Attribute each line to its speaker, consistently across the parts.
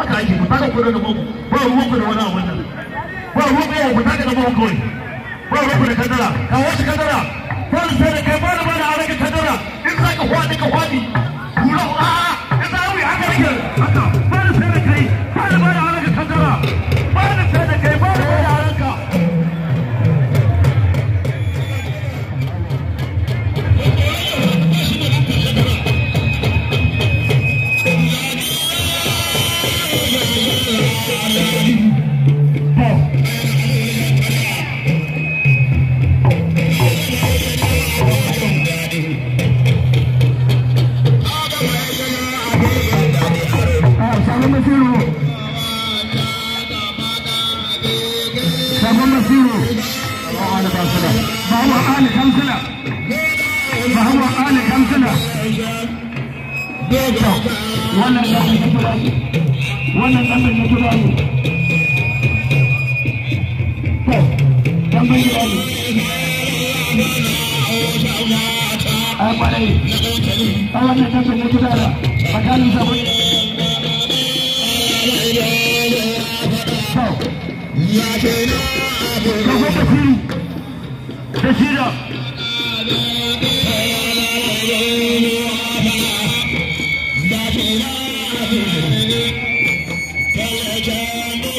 Speaker 1: haka ake ku taka kuɗin da boko ba ruwa ku da wani abun nan ba ruwan ku ku taka da boko kawai ba ruwa ku da kadara ka wasu kadara ko sai da kai ba da ba da a rage kadara in za ka kwaɗi ka kwaɗi kura a'a wani kansila Beto wannan ɗan da kira ne wannan ɗan da kira ne to ɗan da ne a kwarai a wannan ɗan da kira ne tsakanin sabon to ya ke na da shida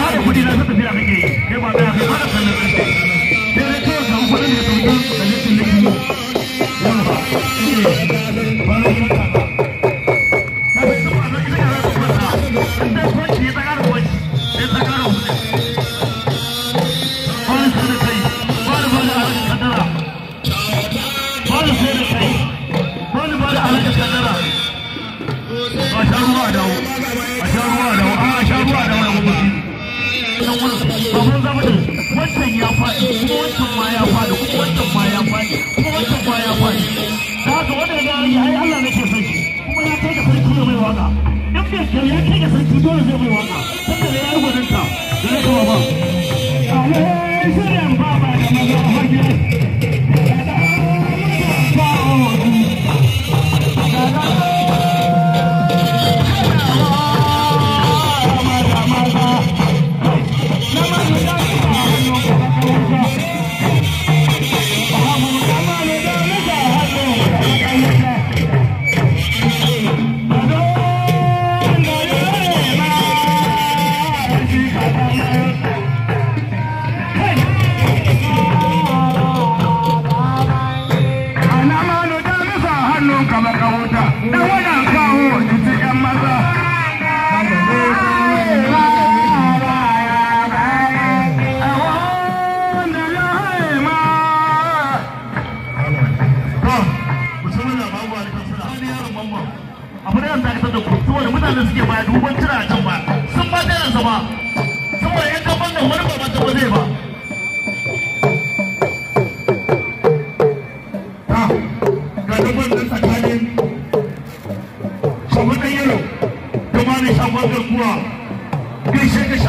Speaker 1: ta haɗa kuɗi na ake a kake yi kai da sanar da ce sai dai kuɗin da waka in bai kai ya kai ga sarki dole zai mai ya yi ba.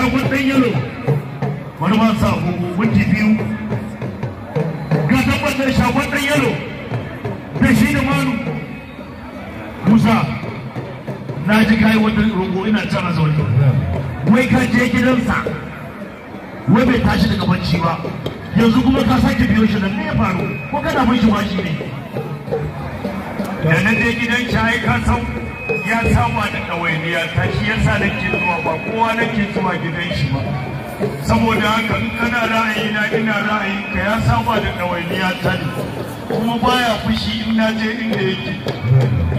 Speaker 1: shagon ɗan yalo wani ma sa agogo minti biyu ga tabbatar shagon ɗan yalo da shi da malu. musa na ji kayi wata rogo ina can zaune wai ka je gidansa wai bai tashi daga bacci ba yanzu kuma ka sake biyo shi nan ne ya faru ko kana bin shi ba shi ne da na je gidan shi ai ka san ya kama da ɗawainiya ta shi sa nake zuwa ba kowa nake zuwa gidan shi ba saboda haka in kana ra'ayi na ina ra'ayi ka ya saba da ɗawainiya ta ne kuma baya fushi in na je inda yake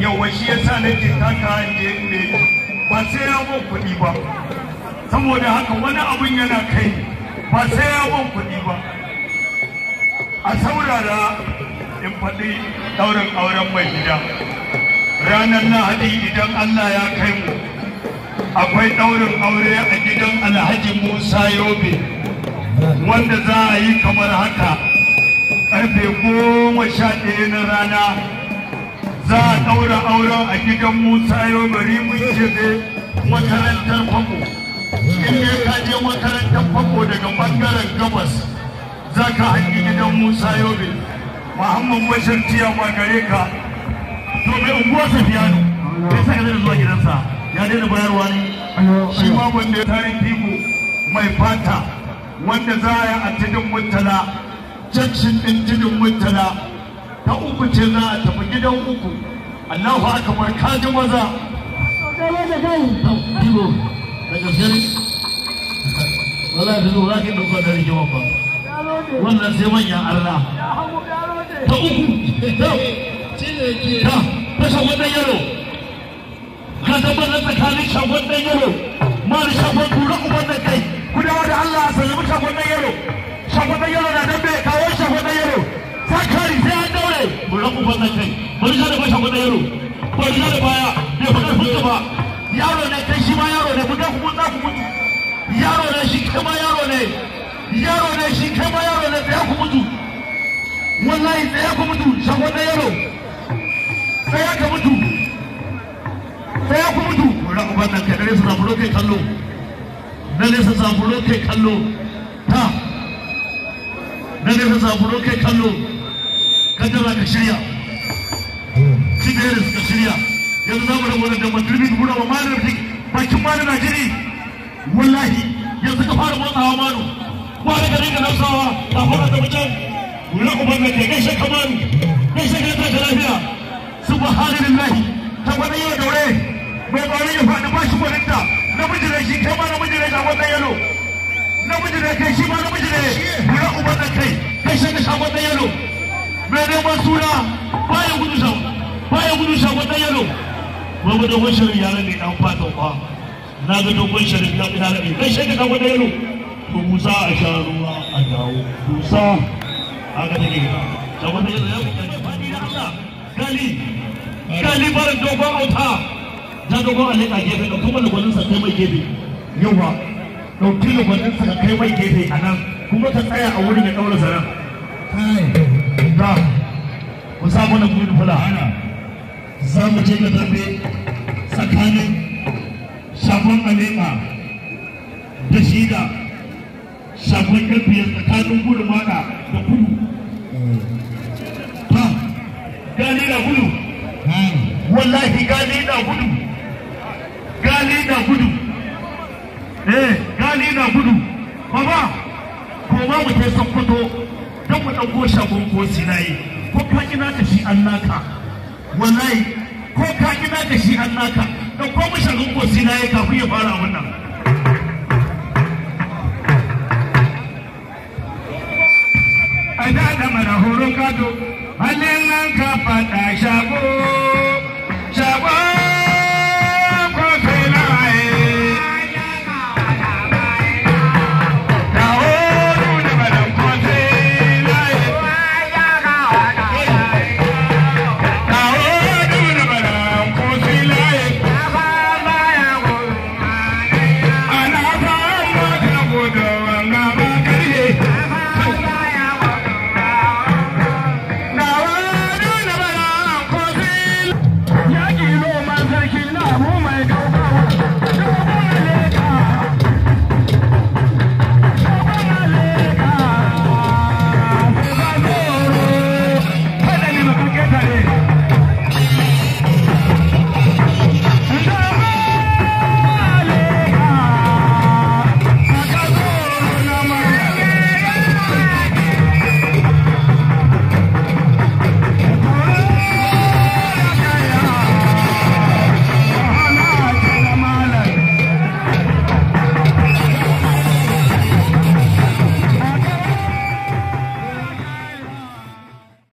Speaker 1: yawa shi sa nake taka je inda yake ba sai ya bon kuɗi ba saboda haka wani abun yana kai ba sai ya bon kuɗi ba a saurara in faɗi ɗaurin auren mai gida ranar lahadi idan Allah ya kai mu akwai ɗaurin aure a gidan alhaji musa yobe wanda za a yi kamar haka Karfe goma sha ɗaya na rana za a ɗaura auren a gidan musa yobe rimin jebe makarantar fako in ne ka je makarantar fako daga ɓangaren gabas za ka hangi gidan musa yobe muhammad bashir tiyawa gare ka to mai unguwar safiyanu ya sa ya zai zuwa gidansa ya daina bayarwa ne shi ma wanda ya tarin fiko mai fata wanda za a yi a cikin murtala cancin ɗin cikin murtala ta uku ce za a tafi gidan uku allahu akbar kaji maza wala da zuwa ke dauka da rike ba wannan sai manyan Allah ta uku ta shagon dan yaro ka zama na tsakanin shagon dan yaro ma da shagon tura uban kai ku Allah a sallami shagon dan yaro shagon dan na dambe kawo shagon dan yaro sakari sai an daure tura uban da kai bari ka da ba shagon dan yaro bari ka ba yaro kai shi ma yaro ne ku da ku mun za ku mutu yaro ne shi kai ma yaro tsaya ka mutu tsaya ku mutu wani uban nan ka dare su zaburo kai kallo na nesa zaburo ke kallo ta na nesa zaburo ke kallo kaddara ka shirya cibiyar suka shirya yanzu za mu rabu da damar durbin da wa malar bakin ma na najiri wallahi yanzu ka fara motsawa manu ba da garin da nasawa ta fara da mutum wani uban nan ke gaishe kamaru gaishe ka tashi alhamdulillahi ta gwada yau daure mai kwarin ya faɗi bashi gwaninta namiji da shi kai ma namiji da shagon ɗan yalo namiji da kai shi ma namiji da bura uban da kai kai shi da shagon ɗan yalo mai neman suna baya gudu shagon baya gudu shagon ɗan yalo babu dogon shirin ya ne ɗan fatan ba na ga dogon shirin ya rabe kai shi da shagon ɗan yalo to musa a sha ruwa a dawo musa a ga take shagon ɗan yalo ya fita ne ba ni da Allah gali kalibar dogon auta ta dogon alika gefe da kuma lugwanin sa kai mai gefe yawa ɗauki lugwanin ka kai mai gefe a nan kuma ta tsaya a wurin ya daura zaren ga ku sa mana da fula za mu ce da zabe tsakanin shafon alika da shida shafon karfe tsakanin gudumada da kudu Ba. Eh. gani da kudu wallahi gali na gudu gali na gudu eh gali na gudu baba koma mu ke sokoto don mu ɗauko shagon ko sinai ko ka kina ta shi annaka wallahi ko ka kina ta shi annaka naka ko mu shagon ko ka kafin ya fara wannan a da da mara horon gado halin nan ka faɗa shago